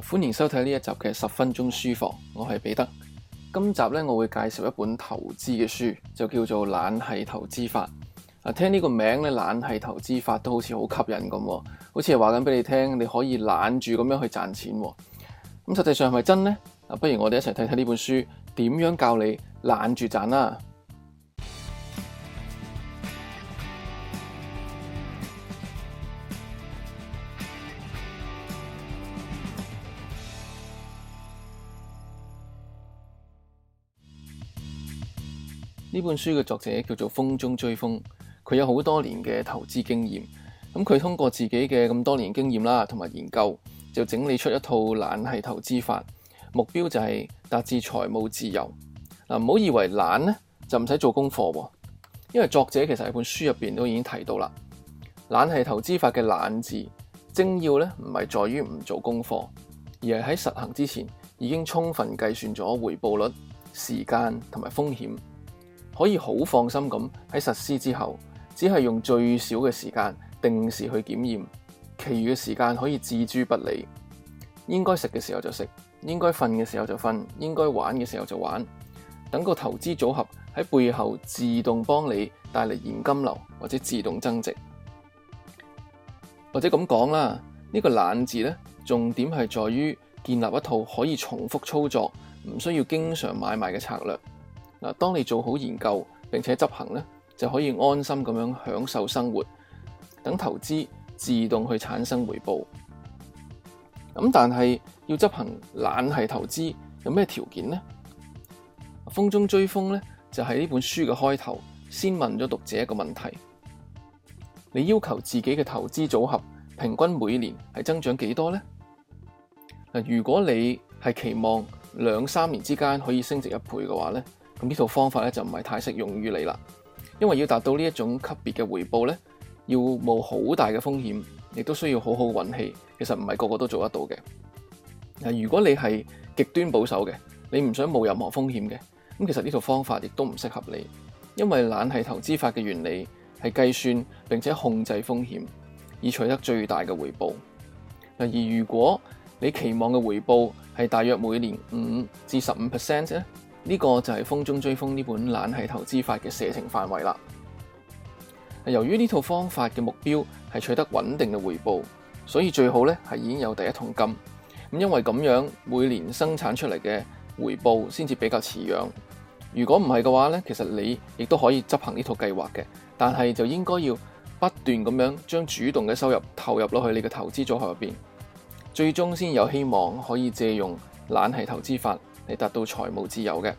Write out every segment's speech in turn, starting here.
歡迎收睇呢一集嘅十分鐘書房，我係彼得。今集呢我會介紹一本投資嘅書，就叫做《懶系投資法》。啊，聽呢個名呢，懶系投資法都好似好吸引咁，好似話緊俾你聽，你可以懶住咁樣去賺錢。咁實際上係咪真呢？不如我哋一齊睇睇呢本書點樣教你懶住賺啦。呢本書嘅作者叫做風中追風，佢有好多年嘅投資經驗。咁佢通過自己嘅咁多年經驗啦，同埋研究，就整理出一套懶系投資法，目標就係達至財務自由。嗱，唔好以為懶咧就唔使做功課喎，因為作者其實喺本書入面都已經提到啦，懶系投資法嘅懶字，精要咧唔係在於唔做功課，而係喺實行之前已經充分計算咗回報率、時間同埋風險。可以好放心咁喺實施之後，只係用最少嘅時間定時去檢驗，其餘嘅時間可以置諸不理。應該食嘅時候就食，應該瞓嘅時候就瞓，應該玩嘅時候就玩。等個投資組合喺背後自動幫你帶嚟現金流或者自動增值。或者咁講啦，這個、呢個懶字咧，重點係在於建立一套可以重複操作，唔需要經常買賣嘅策略。當你做好研究並且執行，就可以安心咁樣享受生活，等投資自動去產生回報。咁但係要執行，懶係投資有咩條件呢？風中追風就係呢本書嘅開頭先問咗讀者一個問題：你要求自己嘅投資組合平均每年係增長幾多呢？如果你係期望兩三年之間可以升值一倍嘅話呢。咁呢套方法咧就唔係太適用於你啦，因為要達到呢一種級別嘅回報咧，要冒好大嘅風險，亦都需要好好運氣。其實唔係個個都做得到嘅。嗱，如果你係極端保守嘅，你唔想冒任何風險嘅，咁其實呢套方法亦都唔適合你，因為懶系投資法嘅原理係計算並且控制風險，以取得最大嘅回報。嗱，而如果你期望嘅回報係大約每年五至十五 percent 咧。呢個就係風中追風呢本懶系投資法嘅射程範圍啦。由於呢套方法嘅目標係取得穩定嘅回報，所以最好咧係已經有第一桶金。咁因為咁樣每年生產出嚟嘅回報先至比較持養。如果唔係嘅話咧，其實你亦都可以執行呢套計劃嘅，但係就應該要不斷咁樣將主動嘅收入投入落去你嘅投資組合入邊，最終先有希望可以借用懶系投資法。嚟達到財務自由嘅。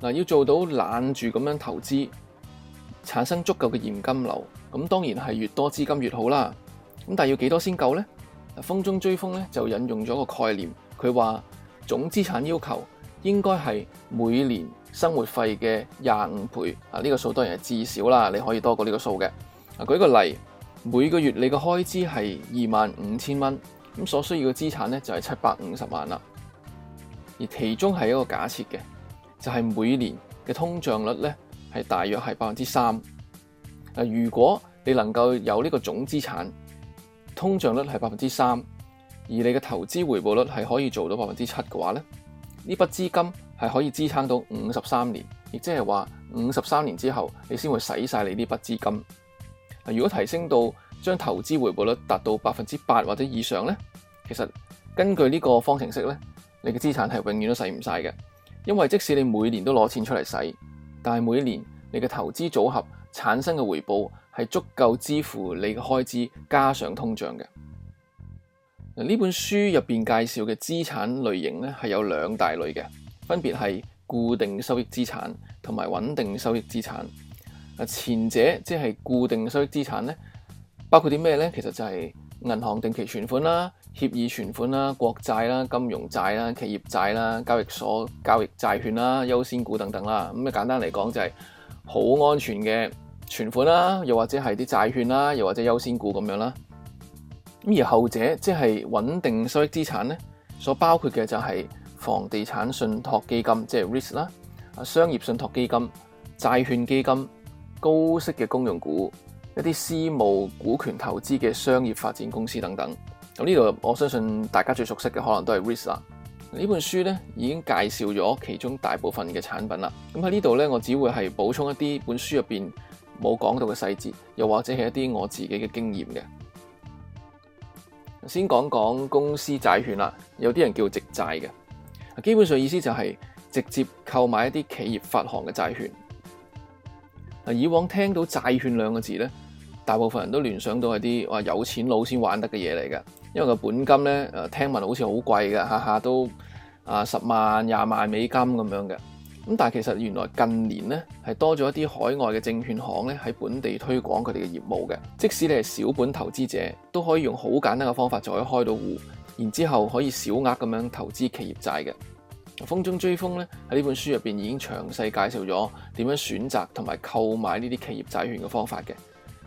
要做到懶住咁樣投資，產生足夠嘅現金流，咁當然係越多資金越好啦。咁但係要幾多先夠呢？風中追風呢就引用咗個概念，佢話總資產要求應該係每年生活費嘅廿五倍啊！呢個數當然係至少啦，你可以多過呢個數嘅。舉個例，每個月你嘅開支係二萬五千蚊。咁所需要嘅資產咧就係七百五十萬啦，而其中係一個假設嘅，就係、是、每年嘅通脹率咧係大約係百分之三。啊，如果你能夠有呢個總資產，通脹率係百分之三，而你嘅投資回報率係可以做到百分之七嘅話咧，呢筆資金係可以支撐到五十三年，亦即係話五十三年之後你先會使晒你呢筆資金。啊，如果提升到將投資回報率達到百分之八或者以上呢？其實根據呢個方程式呢，你嘅資產係永遠都使唔晒嘅，因為即使你每年都攞錢出嚟使，但係每年你嘅投資組合產生嘅回報係足夠支付你嘅開支，加上通脹嘅。呢本書入面介紹嘅資產類型呢，係有兩大類嘅，分別係固定收益資產同埋穩定收益資產。前者即係固定收益資產呢，包括啲咩呢？其實就係銀行定期存款啦、協議存款啦、國債啦、金融債啦、企業債啦、交易所交易債券啦、優先股等等啦。咁啊，簡單嚟講就係好安全嘅存款啦，又或者係啲債券啦，又或者優先股咁樣啦。咁而後者即係、就是、穩定收益資產咧，所包括嘅就係房地產信託基金、即係 REIT 啦、商業信託基金、債券基金、高息嘅公用股。一啲私募、股權投資嘅商業發展公司等等，咁呢度我相信大家最熟悉嘅可能都係 Risa，呢本書呢已經介紹咗其中大部分嘅產品啦。咁喺呢度呢，我只會係補充一啲本書入面冇講到嘅細節，又或者係一啲我自己嘅經驗嘅。先講講公司債券啦，有啲人叫直債嘅，基本上意思就係直接購買一啲企業發行嘅債券。以往聽到債券兩個字呢大部分人都聯想到係啲我話有錢佬先玩得嘅嘢嚟嘅，因為個本金咧誒，聽聞好似好貴嘅，下下都啊十萬、廿萬美金咁樣嘅。咁但係其實原來近年咧係多咗一啲海外嘅證券行咧喺本地推廣佢哋嘅業務嘅，即使你係小本投資者都可以用好簡單嘅方法就可以開到戶，然之後可以小額咁樣投資企業債嘅。風中追風咧喺呢在這本書入邊已經詳細介紹咗點樣選擇同埋購買呢啲企業債券嘅方法嘅。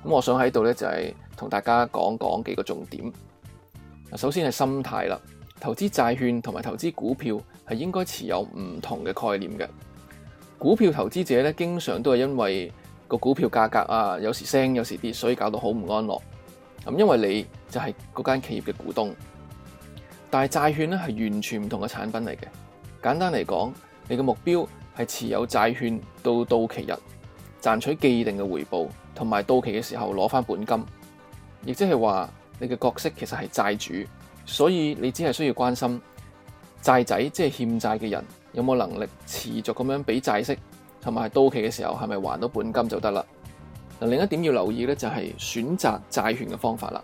咁我想喺度咧，就係同大家講講幾個重點。首先係心態啦。投資債券同埋投資股票係應該持有唔同嘅概念嘅。股票投資者咧，經常都係因為個股票價格啊，有時升有時跌，所以搞到好唔安樂。咁因為你就係嗰間企業嘅股東，但係債券咧係完全唔同嘅產品嚟嘅。簡單嚟講，你嘅目標係持有債券到到期日，賺取既定嘅回報。同埋到期嘅時候攞翻本金，亦即係話你嘅角色其實係債主，所以你只係需要關心債仔，即係欠債嘅人有冇能力持續咁樣俾債息，同埋到期嘅時候係咪還到本金就得啦。嗱，另一點要留意咧就係選擇債券嘅方法啦。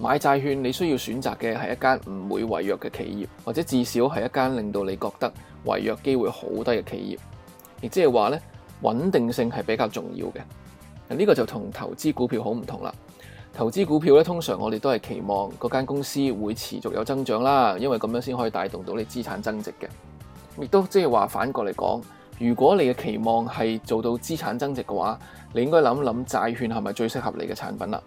買債券你需要選擇嘅係一間唔會違約嘅企業，或者至少係一間令到你覺得違約機會好低嘅企業，亦即係話咧穩定性係比較重要嘅。呢個就同投資股票好唔同啦。投資股票咧，通常我哋都係期望嗰間公司會持續有增長啦，因為咁樣先可以帶動到你資產增值嘅。亦都即係話反過嚟講，如果你嘅期望係做到資產增值嘅話，你應該諗諗債券係咪最適合你嘅產品啦。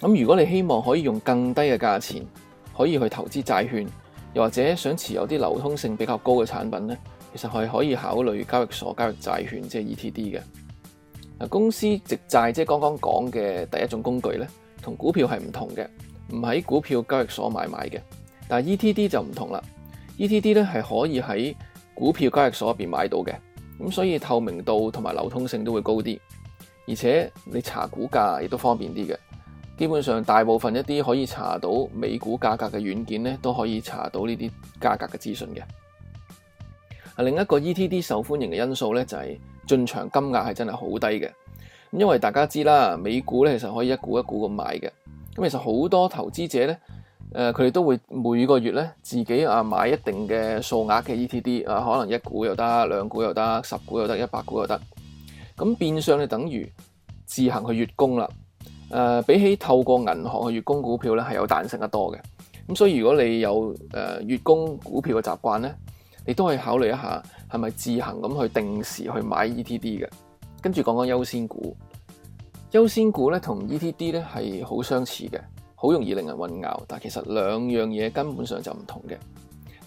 咁如果你希望可以用更低嘅價錢可以去投資債券，又或者想持有啲流通性比較高嘅產品咧，其實係可以考慮交易所交易債券，即係 ETD 嘅。公司直債即係剛剛講嘅第一種工具咧，同股票係唔同嘅，唔喺股票交易所買賣嘅。但係 E T D 就唔同啦，E T D 咧係可以喺股票交易所入邊買到嘅，咁所以透明度同埋流通性都會高啲，而且你查股價亦都方便啲嘅。基本上大部分一啲可以查到美股價格嘅軟件咧，都可以查到呢啲價格嘅資訊嘅。另一個 E T D 受歡迎嘅因素咧就係，進場金額係真係好低嘅，因為大家知啦，美股咧其實可以一股一股咁買嘅，咁其實好多投資者咧，誒佢哋都會每個月咧自己啊買一定嘅數額嘅 ETF，啊可能一股又得，兩股又得，十股又得，一百股又得，咁變相就等於自行去月供啦，誒比起透過銀行去月供股票咧係有彈性得多嘅，咁所以如果你有誒月供股票嘅習慣咧，你都可以考慮一下，係咪自行咁去定時去買 E T D 嘅？跟住講講優先股。優先股呢同 E T D 呢係好相似嘅，好容易令人混淆。但其實兩樣嘢根本上就唔同嘅。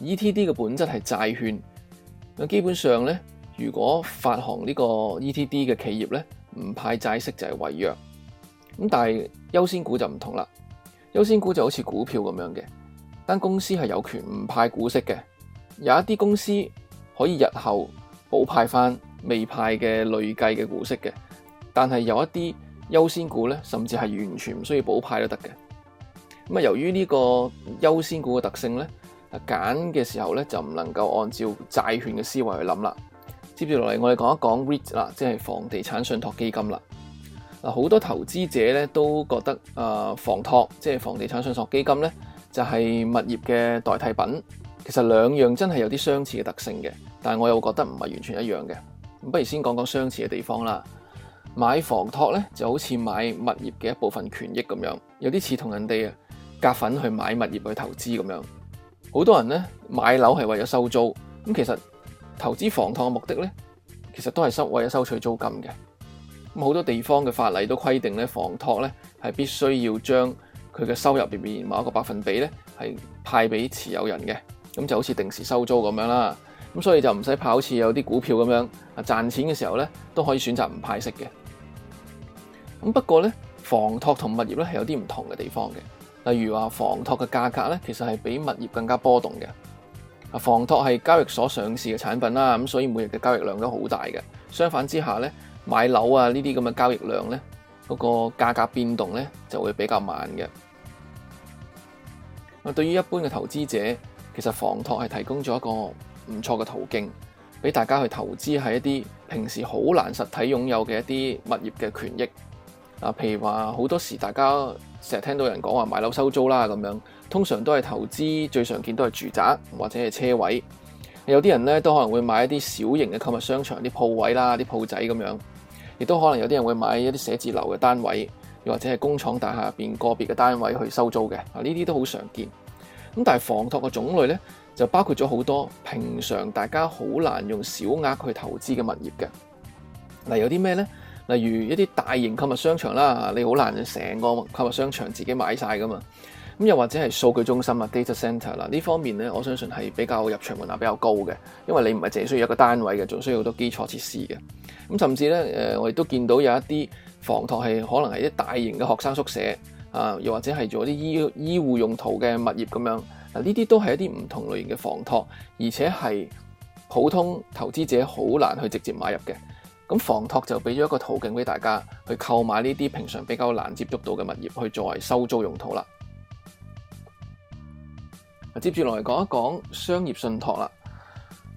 E T D 嘅本質係債券，基本上呢，如果發行呢個 E T D 嘅企業呢，唔派債息就係違約。咁但係優先股就唔同啦，優先股就好似股票咁樣嘅，但公司係有權唔派股息嘅。有一啲公司可以日後補派翻未派嘅累計嘅股息嘅，但係有一啲優先股咧，甚至係完全唔需要補派都得嘅。咁啊，由於呢個優先股嘅特性咧，揀嘅時候咧就唔能夠按照債券嘅思維去諗啦。接住落嚟，我哋講一講 REIT 啦，即係房地產信託基金啦。嗱，好多投資者咧都覺得房託即係房地產信託基金咧，就係物業嘅代替品。其實兩樣真係有啲相似嘅特性嘅，但我又覺得唔係完全一樣嘅。不如先講講相似嘅地方喇。買房託呢就好似買物業嘅一部分權益噉樣，有啲似同人哋啊夾份去買物業去投資噉樣。好多人呢買樓係為咗收租，噉其實投資房託嘅目的呢，其實都係為咗收取租金嘅。好多地方嘅法例都規定呢，房託呢係必須要將佢嘅收入入面某一個百分比係派畀持有人嘅。咁就好似定時收租咁樣啦，咁所以就唔使怕好似有啲股票咁樣啊賺錢嘅時候咧，都可以選擇唔派息嘅。咁不過咧，房託同物業咧係有啲唔同嘅地方嘅。例如話房託嘅價格咧，其實係比物業更加波動嘅。啊，房託係交易所上市嘅產品啦，咁所以每日嘅交易量都好大嘅。相反之下咧，買樓啊呢啲咁嘅交易量咧，嗰個價格變動咧就會比較慢嘅。啊，對於一般嘅投資者。其實房託係提供咗一個唔錯嘅途徑，俾大家去投資喺一啲平時好難實體擁有嘅一啲物業嘅權益。嗱，譬如話好多時大家成日聽到人講話買樓收租啦咁樣，通常都係投資最常見都係住宅或者係車位。有啲人咧都可能會買一啲小型嘅購物商場啲鋪位啦、啲鋪仔咁樣，亦都可能有啲人會買一啲寫字樓嘅單位，又或者係工廠大廈入邊個別嘅單位去收租嘅。嗱，呢啲都好常見。咁但係房託嘅種類咧，就包括咗好多平常大家好難用小額去投資嘅物業嘅。嗱，有啲咩咧？例如一啲大型購物商場啦，你好難成個購物商場自己買晒噶嘛。咁又或者係數據中心啊，data centre 啦，呢方面咧，我相信係比較入場門檻比較高嘅，因為你唔係淨係需要一個單位嘅，仲需要好多基礎設施嘅。咁甚至咧，誒，我哋都見到有一啲房託係可能係一啲大型嘅學生宿舍。啊，又或者係做啲醫醫護用途嘅物業咁樣。嗱，呢啲都係一啲唔同類型嘅房託，而且係普通投資者好難去直接買入嘅。咁房託就俾咗一個途徑俾大家去購買呢啲平常比較難接觸到嘅物業，去作為收租用途啦。接住落嚟講一講商業信託啦。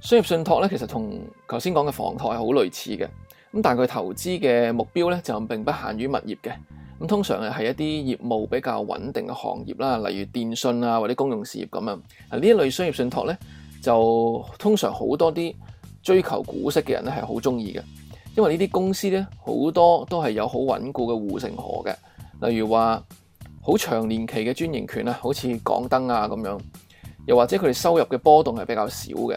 商業信託咧，其實同頭先講嘅房託係好類似嘅，咁但係佢投資嘅目標咧，就並不限於物業嘅。咁通常啊，係一啲業務比較穩定嘅行業啦，例如電信啊或者公用事業咁樣。啊呢一類商業信託咧，就通常好多啲追求股息嘅人咧係好中意嘅，因為呢啲公司咧好多都係有好穩固嘅護城河嘅，例如話好長年期嘅專營權啊，好似港燈啊咁樣，又或者佢哋收入嘅波動係比較少嘅。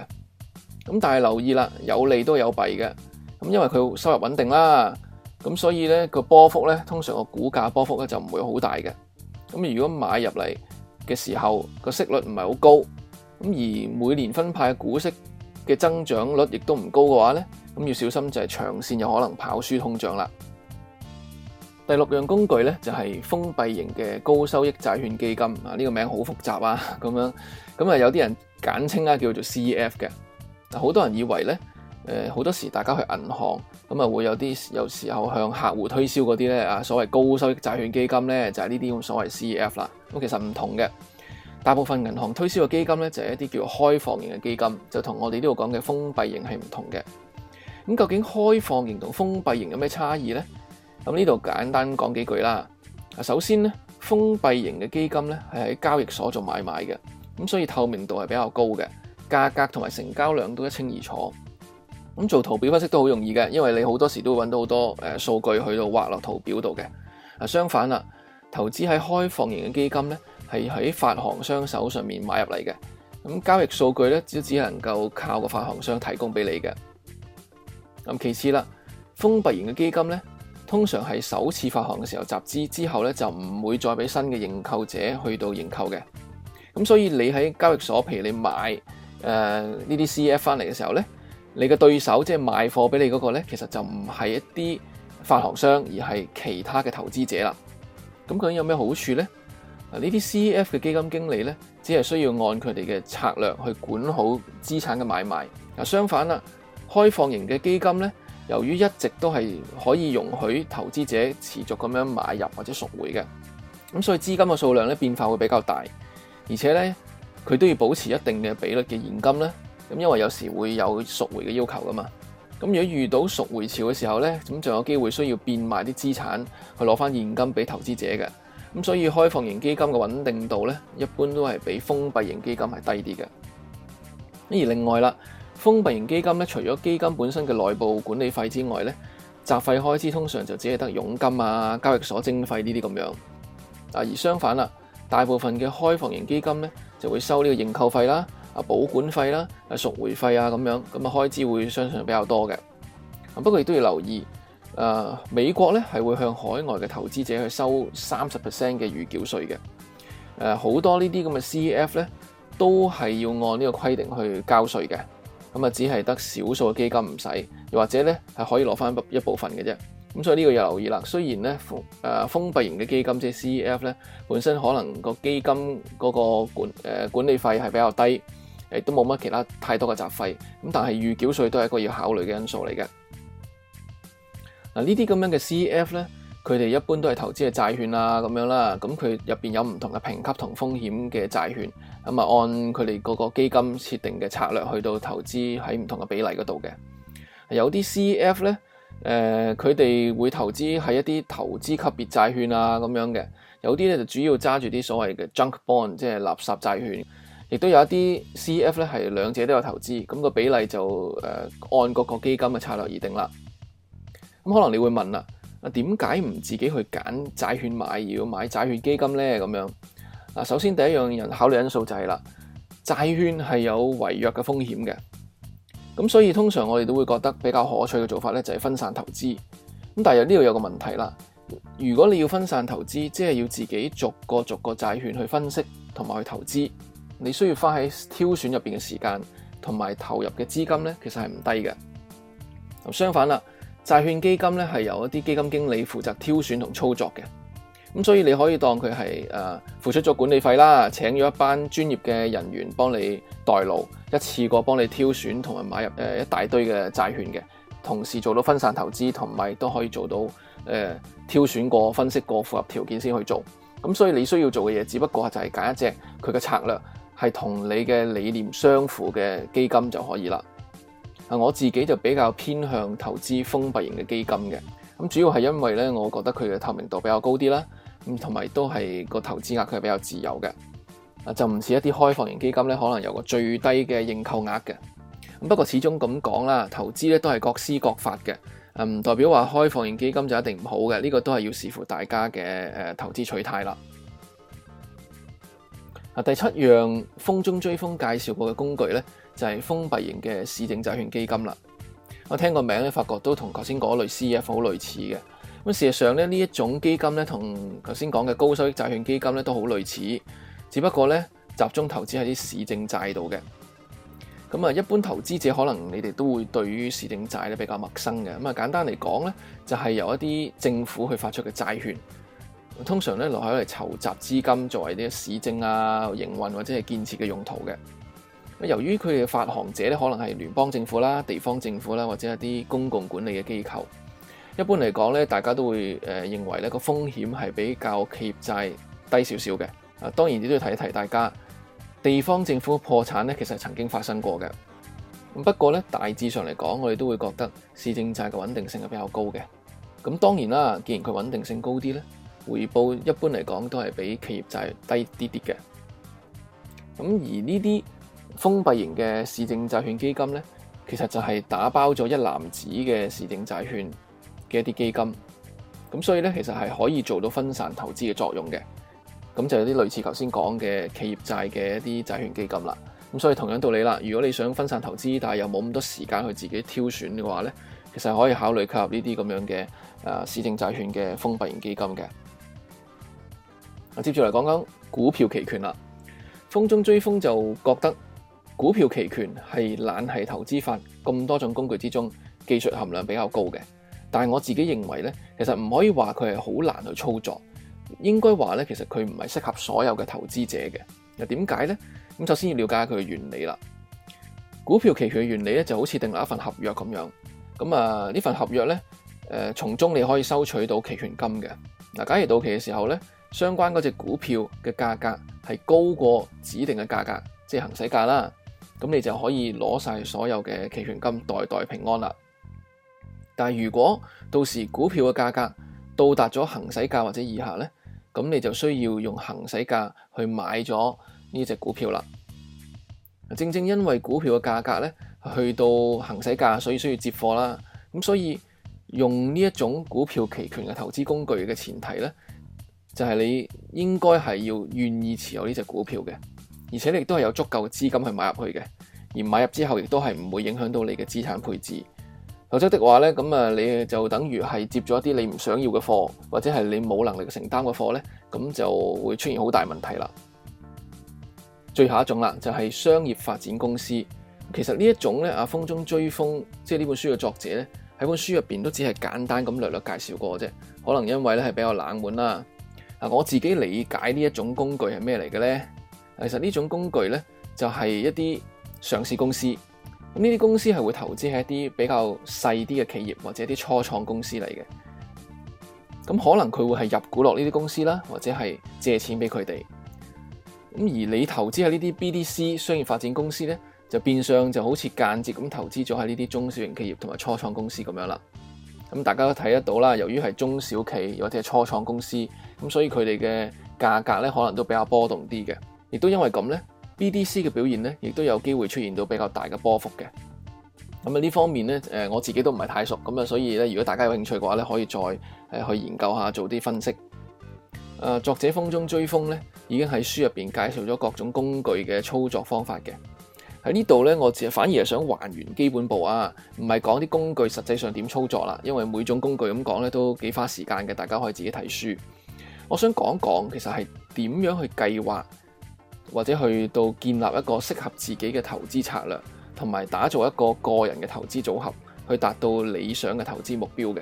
咁但係留意啦，有利都有弊嘅，咁因為佢收入穩定啦。咁所以呢個波幅呢，通常個股價波幅呢就唔會好大嘅。咁如果買入嚟嘅時候個息率唔係好高，咁而每年分派股息嘅增長率亦都唔高嘅話呢，咁要小心就係長線有可能跑輸通脹啦。第六樣工具呢，就係封閉型嘅高收益債券基金啊！呢個名好複雜啊，咁樣咁啊有啲人簡稱啊叫做 CEF 嘅。好多人以為呢，誒好多時大家去銀行。咁啊，會有啲有時候向客戶推銷嗰啲咧啊，所謂高收益債券基金咧，就係呢啲咁所謂 CEF 啦。咁其實唔同嘅，大部分銀行推銷嘅基金咧，就係一啲叫做開放型嘅基金，就同我哋呢度講嘅封閉型係唔同嘅。咁究竟開放型同封閉型有咩差異咧？咁呢度簡單講幾句啦。首先咧，封閉型嘅基金咧係喺交易所做買賣嘅，咁所以透明度係比較高嘅，價格同埋成交量都一清二楚。咁做圖表分析都好容易嘅，因為你好多時都會揾到好多誒數據去到畫落圖表度嘅。啊，相反啦，投資喺開放型嘅基金咧，係喺發行商手上面買入嚟嘅。咁交易數據咧，只只能夠靠個發行商提供俾你嘅。咁其次啦，封閉型嘅基金咧，通常係首次發行嘅時候集資之後咧，就唔會再俾新嘅認購者去到認購嘅。咁所以你喺交易所，譬如你買誒呢啲 C F 翻嚟嘅時候咧，你嘅對手即係賣貨俾你嗰個咧，其實就唔係一啲發行商，而係其他嘅投資者啦。咁究竟有咩好處呢？嗱，呢啲 CEF 嘅基金經理咧，只係需要按佢哋嘅策略去管好資產嘅買賣。嗱，相反啦，開放型嘅基金咧，由於一直都係可以容許投資者持續咁樣買入或者贖回嘅，咁所以資金嘅數量咧，變化會比較大，而且咧佢都要保持一定嘅比率嘅現金咧。咁因為有時會有贖回嘅要求㗎嘛，咁如果遇到贖回潮嘅時候咧，咁仲有機會需要變賣啲資產去攞翻現金俾投資者嘅，咁所以開放型基金嘅穩定度咧，一般都係比封閉型基金係低啲嘅。而另外啦，封閉型基金咧，除咗基金本身嘅內部管理費之外咧，雜費開支通常就只係得佣金啊、交易所徵費呢啲咁樣。啊，而相反啦，大部分嘅開放型基金咧，就會收呢個認購費啦。啊，保管費啦，啊，贖回費啊，咁樣咁啊，開支會相對比較多嘅。不過亦都要留意，誒，美國咧係會向海外嘅投資者去收三十 percent 嘅預繳稅嘅。誒，好多這些呢啲咁嘅 CEF 咧，都係要按呢個規定去交稅嘅。咁啊，只係得少數嘅基金唔使，又或者咧係可以攞返一部分嘅啫。咁所以呢個要留意啦。雖然咧，誒，封閉型嘅基金即係 CEF 咧，本身可能個基金嗰個管誒、呃、管理費係比較低。亦都冇乜其他太多嘅雜費，咁但係預繳稅都係一個要考慮嘅因素嚟嘅。嗱，呢啲咁樣嘅 CEF 咧，佢哋一般都係投資嘅債券啊。咁樣啦，咁佢入邊有唔同嘅評級同風險嘅債券，咁啊按佢哋個個基金設定嘅策略去到投資喺唔同嘅比例嗰度嘅。有啲 CEF 咧，誒，佢哋會投資喺一啲投資級別債券啊咁樣嘅，有啲咧就主要揸住啲所謂嘅 junk bond，即係垃圾債券。亦都有一啲 CEF 咧，係兩者都有投資，咁個比例就按各個基金嘅策略而定啦。咁可能你會問啦，啊點解唔自己去揀債券買，而要買債券基金咧？咁樣啊，首先第一樣人考慮因素就係啦，債券係有違約嘅風險嘅。咁所以通常我哋都會覺得比較可取嘅做法咧，就係分散投資。咁但係呢度有個問題啦，如果你要分散投資，即係要自己逐個逐個債券去分析同埋去投資。你需要花喺挑選入面嘅時間同埋投入嘅資金咧，其實係唔低嘅。咁相反啦，債券基金咧係由一啲基金經理負責挑選同操作嘅。咁所以你可以當佢係誒付出咗管理費啦，請咗一班專業嘅人員幫你代勞，一次過幫你挑選同埋買入誒一大堆嘅債券嘅，同時做到分散投資，同埋都可以做到誒、呃、挑選過、分析過符合條件先去做。咁所以你需要做嘅嘢，只不過就係揀一隻佢嘅策略。係同你嘅理念相符嘅基金就可以啦。啊，我自己就比較偏向投資封閉型嘅基金嘅。咁主要係因為咧，我覺得佢嘅透明度比較高啲啦。咁同埋都係個投資額佢係比較自由嘅。啊，就唔似一啲開放型基金咧，可能有個最低嘅認購額嘅。咁不過始終咁講啦，投資咧都係各施各法嘅。唔代表話開放型基金就一定唔好嘅。呢個都係要視乎大家嘅誒投資取態啦。第七樣，風中追風介紹過嘅工具呢，就係封閉型嘅市政債券基金啦。我聽個名咧，發覺都同頭先嗰類 CF 好類似嘅。咁事實上咧，呢一種基金呢，同頭先講嘅高收益債券基金呢，都好類似，只不過呢，集中投資喺啲市政債度嘅。咁啊，一般投資者可能你哋都會對於市政債呢比較陌生嘅。咁啊，簡單嚟講呢，就係由一啲政府去發出嘅債券。通常咧留喺嚟籌集資金，作為啲市政啊、營運或者係建設嘅用途嘅。由於佢哋發行者咧，可能係聯邦政府啦、地方政府啦，或者一啲公共管理嘅機構。一般嚟講咧，大家都會誒認為咧個風險係比較企業債低少少嘅。啊，當然亦都要提一提大家，地方政府破產咧，其實曾經發生過嘅。不過咧，大致上嚟講，我哋都會覺得市政債嘅穩定性係比較高嘅。咁當然啦，既然佢穩定性高啲咧，回報一般嚟講都係比企業債低啲啲嘅。咁而呢啲封閉型嘅市政債券基金咧，其實就係打包咗一籃子嘅市政債券嘅一啲基金。咁所以咧，其實係可以做到分散投資嘅作用嘅。咁就有啲類似頭先講嘅企業債嘅一啲債券基金啦。咁所以同樣道理啦，如果你想分散投資，但係又冇咁多時間去自己挑選嘅話咧，其實可以考慮加入呢啲咁樣嘅誒市政債券嘅封閉型基金嘅。接住嚟講講股票期權啦。風中追風就覺得股票期權係懶系投資法咁多種工具之中技術含量比較高嘅。但係我自己認為呢,其實唔可以話佢係好難去操作，應該話呢，其實佢唔係適合所有嘅投資者嘅。嗱，點解呢？咁首先要了解佢嘅原理啦。股票期權嘅原理呢，就好似訂立一份合約噉樣。咁啊呢份合約呢，從中你可以收取到期權金嘅。假如到期嘅時候呢。相關嗰隻股票嘅價格係高過指定嘅價格，即係行使價啦，咁你就可以攞晒所有嘅期權金代代平安啦。但如果到時股票嘅價格到達咗行使價或者以下呢，咁你就需要用行使價去買咗呢隻股票啦。正正因為股票嘅價格呢，去到行使價，所以需要接貨啦。咁所以用呢一種股票期權嘅投資工具嘅前提呢。就係、是、你應該係要願意持有呢隻股票嘅，而且你亦都係有足夠嘅資金去買入去嘅。而買入之後，亦都係唔會影響到你嘅資產配置。否則的話咧，咁啊，你就等於係接咗一啲你唔想要嘅貨，或者係你冇能力承擔嘅貨咧，咁就會出現好大問題啦。最後一種啦，就係、是、商業發展公司。其實呢一種咧，啊，風中追風，即係呢本書嘅作者咧，喺本書入邊都只係簡單咁略略介紹過啫。可能因為咧係比較冷門啦。啊，我自己理解呢一種工具係咩嚟嘅咧？其實呢種工具咧，就係一啲上市公司，咁呢啲公司係會投資喺一啲比較細啲嘅企業或者啲初創公司嚟嘅。咁可能佢會係入股落呢啲公司啦，或者係借錢俾佢哋。咁而你投資喺呢啲 BDC 商業發展公司咧，就變相就好似間接咁投資咗喺呢啲中小型企業同埋初創公司咁樣啦。大家都睇得到啦，由於係中小企，或者係初創公司，咁所以佢哋嘅價格可能都比較波動啲嘅，亦都因為這樣 b d c 嘅表現也亦都有機會出現到比較大嘅波幅嘅。呢方面我自己都唔係太熟，所以如果大家有興趣嘅話，可以再去研究一下，做啲分析。作者風中追風已經喺書入面介紹咗各種工具嘅操作方法嘅。喺呢度呢，我反而係想還原基本步呀，唔係講啲工具實際上點操作啦，因為每種工具咁講呢，都幾花時間嘅，大家可以自己睇書。我想講講其實係點樣去計劃，或者去到建立一個適合自己嘅投資策略，同埋打造一個個人嘅投資組合，去達到理想嘅投資目標嘅。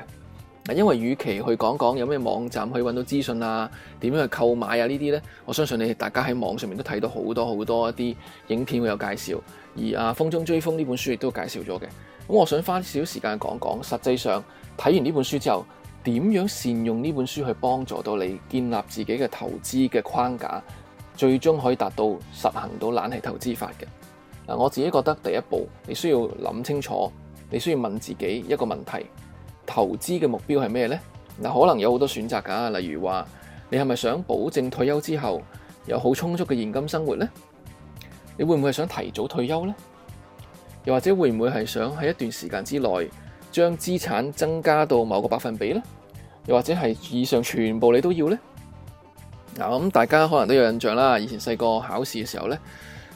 因為與其去講講有咩網站可以揾到資訊啊，點樣去購買啊呢啲呢，我相信你大家喺網上面都睇到好多好多一啲影片會有介紹，而《啊風中追風》呢本書亦都介紹咗嘅。咁我想花少少時間講講，實際上睇完呢本書之後，點樣善用呢本書去幫助到你建立自己嘅投資嘅框架，最終可以達到實行到懶系投資法嘅。嗱，我自己覺得第一步你需要諗清楚，你需要問自己一個問題。投資嘅目標係咩呢？嗱，可能有好多選擇㗎。例如話，你係咪想保證退休之後有好充足嘅現金生活呢？你會唔會係想提早退休呢？又或者會唔會係想喺一段時間之內將資產增加到某個百分比呢？又或者係以上全部你都要呢？嗱，咁大家可能都有印象啦。以前細個考試嘅時候呢，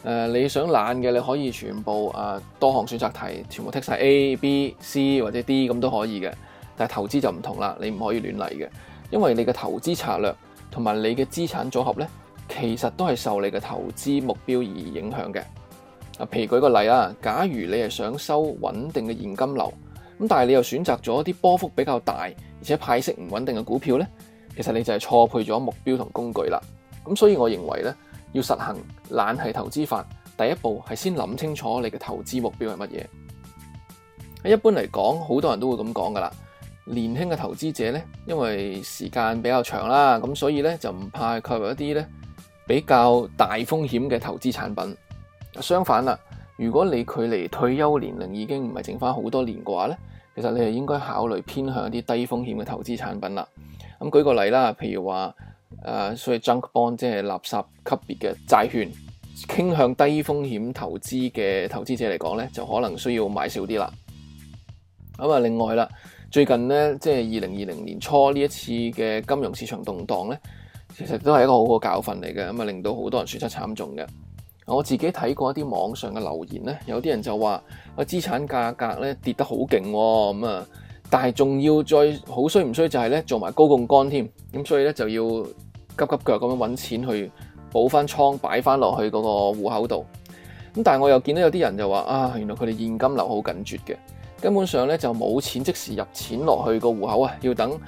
誒你想懶嘅，你可以全部啊，多項選擇題，全部 tick 曬 A、B、C 或者 D 咁都可以嘅。但係投資就唔同啦，你唔可以亂嚟嘅，因為你嘅投資策略同埋你嘅資產組合咧，其實都係受你嘅投資目標而影響嘅。啊，譬如舉個例啦，假如你係想收穩定嘅現金流，咁但係你又選擇咗啲波幅比較大而且派息唔穩定嘅股票咧，其實你就係錯配咗目標同工具啦。咁所以我認為咧。要實行懶系投資法，第一步係先諗清楚你嘅投資目標係乜嘢。一般嚟講，好多人都會咁講噶啦。年輕嘅投資者呢，因為時間比較長啦，咁所以呢，就唔怕購入一啲呢比較大風險嘅投資產品。相反啦，如果你距離退休年齡已經唔係剩翻好多年嘅話呢，其實你係應該考慮偏向一啲低風險嘅投資產品啦。咁舉個例啦，譬如話。誒，所以 Junk Bond 即係垃圾級別嘅債券，傾向低風險投資嘅投資者嚟講咧，就可能需要買少啲啦。咁啊，另外啦，最近咧，即係二零二零年初呢一次嘅金融市場動盪咧，其實都係一個好好嘅教訓嚟嘅，咁啊令到好多人損失慘重嘅。我自己睇過一啲網上嘅留言咧，有啲人就話個資產價格咧跌得好勁喎，咁啊，但係仲要再好衰唔衰就係咧做埋高槓桿添，咁所以咧就要，急急腳咁樣揾錢去補翻倉，擺翻落去嗰個戶口度。咁但係我又見到有啲人就話啊，原來佢哋現金流好緊絕嘅，根本上咧就冇錢即時入錢落去個戶口啊，要等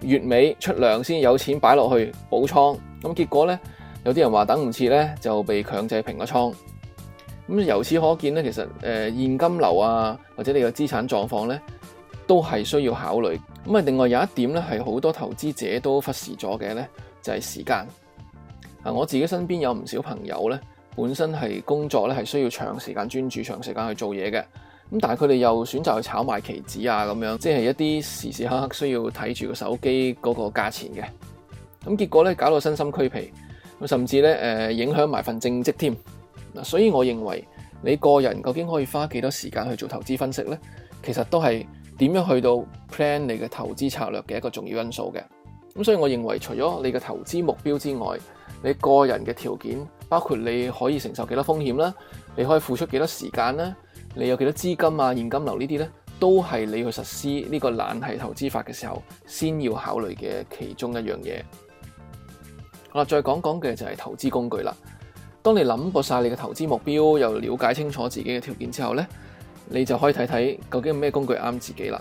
月尾出糧先有錢擺落去補倉。咁結果咧有啲人話等唔切咧，就被強制平個倉。咁由此可見咧，其實誒現金流啊，或者你個資產狀況咧，都係需要考慮。咁啊，另外有一點咧，係好多投資者都忽視咗嘅咧。就係時間。啊，我自己身邊有唔少朋友呢，本身係工作呢係需要長時間專注、長時間去做嘢嘅。咁但係佢哋又選擇去炒賣期指啊，咁樣即係一啲時時刻刻需要睇住個手機嗰個價錢嘅。咁結果呢，搞到身心俱疲，甚至呢誒、呃、影響埋份正職添。嗱，所以我認為你個人究竟可以花幾多時間去做投資分析呢？其實都係點樣去到 plan 你嘅投資策略嘅一個重要因素嘅。咁所以我認為，除咗你嘅投資目標之外，你個人嘅條件，包括你可以承受幾多風險啦，你可以付出幾多時間啦，你有幾多資金啊、現金流呢啲咧，都係你去實施呢個懶系投資法嘅時候，先要考慮嘅其中一樣嘢。好啦，再講講嘅就係投資工具啦。當你諗過曬你嘅投資目標，又了解清楚自己嘅條件之後咧，你就可以睇睇究竟咩工具啱自己啦。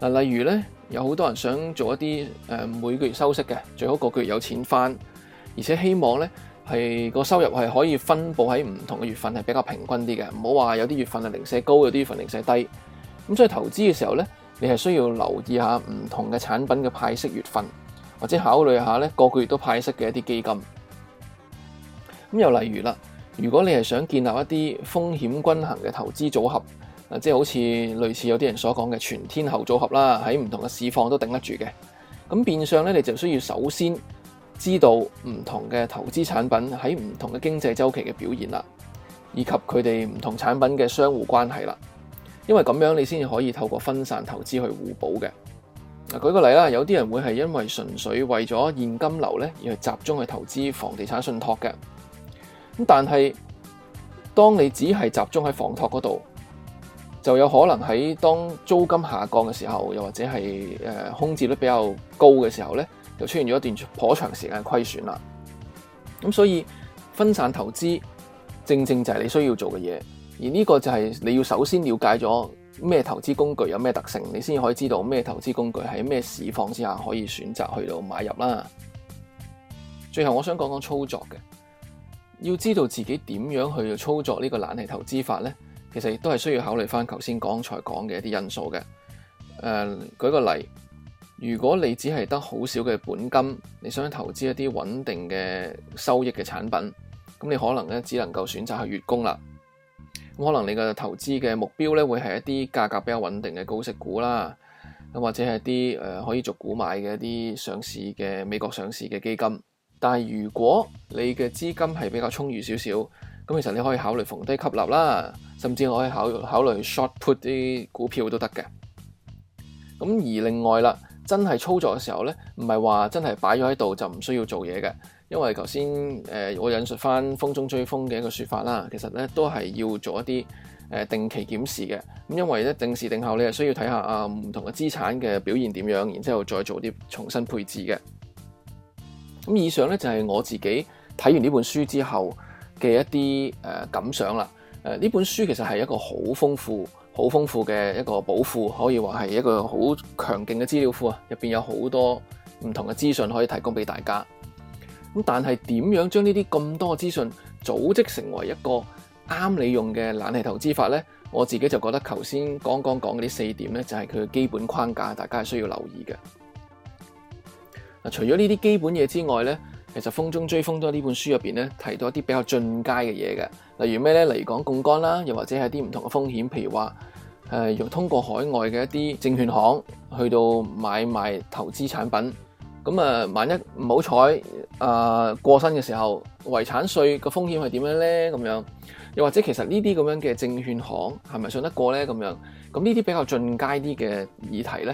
例如呢，有好多人想做一啲每個月收息嘅，最好個個月有錢返，而且希望呢個收入係可以分佈喺唔同嘅月份係比較平均啲嘅，唔好話有啲月份係零舍高，有啲月份零舍低。咁所以投資嘅時候呢，你係需要留意下唔同嘅產品嘅派息月份，或者考慮下呢個個月都派息嘅一啲基金。咁又例如啦，如果你係想建立一啲風險均衡嘅投資組合。即係好似類似有啲人所講嘅全天候組合啦，喺唔同嘅市況都頂得住嘅。咁變相咧，你就需要首先知道唔同嘅投資產品喺唔同嘅經濟周期嘅表現啦，以及佢哋唔同產品嘅相互關係啦。因為咁樣你先至可以透過分散投資去互補嘅。嗱，舉個例啦，有啲人會係因為純粹為咗現金流咧，而去集中去投資房地產信託嘅。咁但係，當你只係集中喺房託嗰度。就有可能喺當租金下降嘅時候，又或者係誒空置率比較高嘅時候咧，就出現咗一段頗長時間嘅虧損啦。咁所以分散投資正正就係你需要做嘅嘢，而呢個就係你要首先了解咗咩投資工具有咩特性，你先可以知道咩投資工具喺咩市況之下可以選擇去到買入啦。最後我想講講操作嘅，要知道自己點樣去操作呢個懶系投資法咧。其實亦都係需要考慮翻頭先剛才講嘅一啲因素嘅。誒、呃，舉個例，如果你只係得好少嘅本金，你想投資一啲穩定嘅收益嘅產品，咁你可能咧只能夠選擇去月供啦。咁可能你嘅投資嘅目標咧會係一啲價格比較穩定嘅高息股啦，咁或者係啲誒可以逐股買嘅一啲上市嘅美國上市嘅基金。但係如果你嘅資金係比較充裕少少，咁其實你可以考慮逢低吸納啦，甚至可以考考慮 short put 啲股票都得嘅。咁而另外啦，真係操作嘅時候咧，唔係話真係擺咗喺度就唔需要做嘢嘅，因為頭先誒我引述翻風中追風嘅一個説法啦，其實咧都係要做一啲誒定期檢視嘅。咁因為咧定時定候你係需要睇下啊唔同嘅資產嘅表現點樣，然之後再做啲重新配置嘅。咁以上咧就係我自己睇完呢本書之後，嘅一啲誒感想啦，誒呢本書其實係一個好豐富、好豐富嘅一個寶庫，可以話係一個好強勁嘅資料庫啊！入邊有好多唔同嘅資訊可以提供俾大家。咁但係點樣將呢啲咁多資訊組織成為一個啱你用嘅懶系投資法咧？我自己就覺得頭先剛剛講嘅呢四點咧，就係佢嘅基本框架，大家係需要留意嘅。嗱，除咗呢啲基本嘢之外咧，其實風中追風都喺呢本書入邊咧，提到一啲比較進階嘅嘢嘅，例如咩咧？嚟如講槓桿啦，又或者係啲唔同嘅風險，譬如話誒，用、呃、通過海外嘅一啲證券行去到買賣投資產品，咁啊、呃，萬一唔好彩啊過身嘅時候遺產稅嘅風險係點樣咧？咁樣又或者其實呢啲咁樣嘅證券行係咪信得過咧？咁樣咁呢啲比較進階啲嘅議題咧，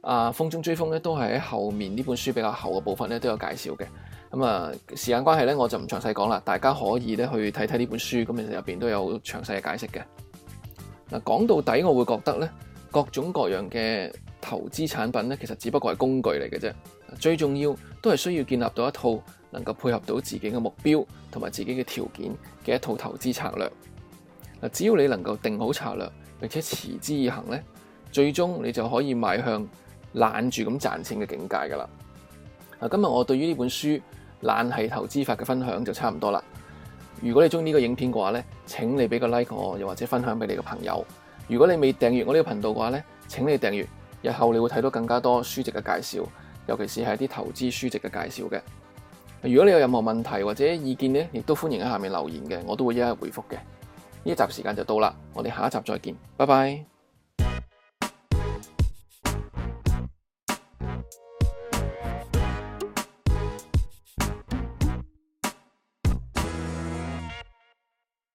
啊、呃、風中追風咧都係喺後面呢本書比較厚嘅部分咧都有介紹嘅。咁啊，時間關係咧，我就唔詳細講啦。大家可以咧去睇睇呢本書，咁其實入面都有詳細嘅解釋嘅。嗱，講到底，我會覺得咧，各種各樣嘅投資產品咧，其實只不過係工具嚟嘅啫。最重要都係需要建立到一套能夠配合到自己嘅目標同埋自己嘅條件嘅一套投資策略。嗱，只要你能夠定好策略，並且持之以恆咧，最終你就可以邁向懶住咁賺錢嘅境界噶啦。嗱，今日我對於呢本書懶系投資法嘅分享就差唔多啦。如果你中意呢個影片嘅話咧，請你俾個 like 我，又或者分享俾你個朋友。如果你未訂閱我呢個頻道嘅話咧，請你訂閱。日後你會睇到更加多書籍嘅介紹，尤其是係一啲投資書籍嘅介紹嘅。如果你有任何問題或者意見咧，亦都歡迎喺下面留言嘅，我都會一一回覆嘅。呢一集時間就到啦，我哋下一集再見，拜拜。